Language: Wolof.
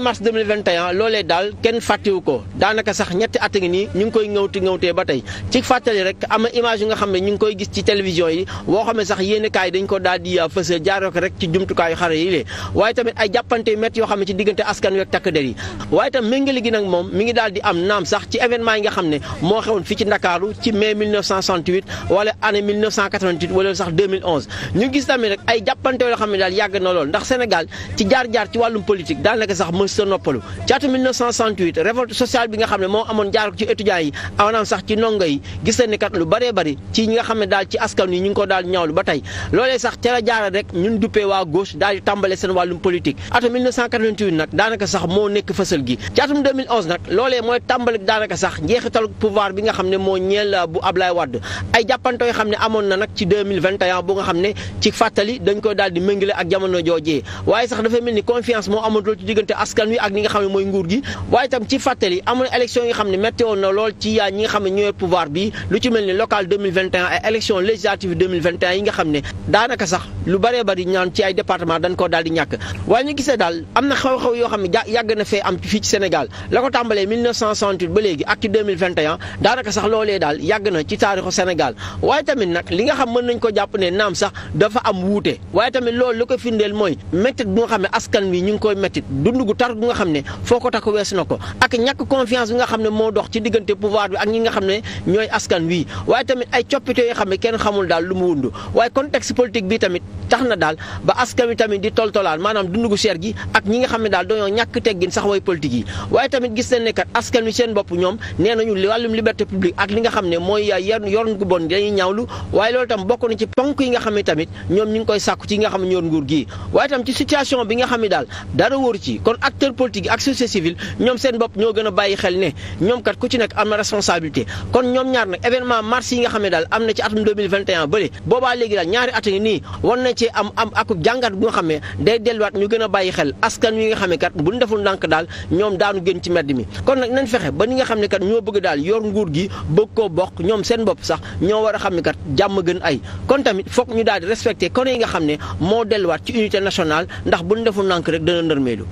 mars 2021 loolee daal kenn fàttewu ko daanaka sax ñetti at ngi nii ñu ngi koy ŋawti ŋawtee ba tey ci fàttali rek am image nga xam ne ñu ngi koy gis ci télévision yi boo xam ne sax yéen kaay dañ ko daal di euh, fësal euh, jaaroo rek ci jumtukaayu xare yi lée waaye tamit ay jàppante métti yi nga xam ne moo xewoon fii ci Ndakaaru ci mai wala année wala sax ñu gis tamit rek ay jàppante yoo xam ne daal yàgg na lool ndax Sénégal ci jaar-jaar ci wàllum mës ci atum 1968 daanaka sax moo nekk fësal gi ci atum 2011 nag mooy tàmbale daanaka sax njeexital pouvoir bi nga xam ne moo ñeel euh, bu Ablaye Wade ay jàppante xam ne amoon na nag ci 2021 nga xam ne ci fàttali dañ ko daal di méngale ak jamono joojee waaye sax dafa mel ni confiance moo amatul ci diggante askan wi ak li nga xam ne mooy nguur gi waaye itam ci fàttali amoon élection yi nga xam ne metti lool ci yaa ñi nga xam ne ñooy pouvoir xam ne daanaka sax lu bëree bëri ñaan ci ay département dañ ko daal ñàkk waaye ñu gisee daal am na xew-xew yoo xam ne yàgg na fee am ci Sénégal la ko tàmbalee ba léegi ak ci daanaka sax loolee daal yàgg na ci taarixu Sénégal waaye tamit nag li nga xam mën nañ ko jàpp ne naam sax dafa am wuute waaye tamit loolu li ko tar bu nga xam ne foo ko takk weesu na ko ak xam ne moo dox ci diggante pouvoir bi ak ñi tamit daal na daal ba askan wi tamit di toltolaan maanaam dundu gu cher gi ak ñi nga xam ne daal dañoo ñàkk teggin sax way politique yi waaye tamit gis ne kat askan wi seen bopp ñoom nee nañu wàllum liberté publique ak li nga xam ne mooy yorn gu bon dañuy ñaawlu waaye loolu tam bokk na ci ponk yi nga xam ne tamit ñoom ñu ngi koy sàkku ci nga xam ne nguur gi waaye tam ci situation bi nga xam ne daal dara wóor ci kon acteurs politiques ak société civile ñoom seen bopp ñoo gën a bàyyi xel ne ñoom kat ku ci nekk am na responsabilité kon ñoom ñaar nag événement mars yi nga xam ne daal am na ci atum 2021 bële boobaa léegi daal ñaari at yi nii war nañ cee am am akub jàngat bu nga xam ne day delluwaat ñu gën a bàyyi xel askan wi nga xam ne kat buñ deful ndànk daal ñoom daanu gën ci mbedd mi kon nag nañ fexe ba ni nga xam ne kat ñoo bëgg daal yor nguur gi bëgg ko bokk ñoom seen bopp sax ñoo war a xam ne kat jàmm gën ay kon tamit foog ñu daal di respecté kon yi nga xam ne moo delluwaat ci unité nationale ndax buñ deful ndànk rek dana nërmeelu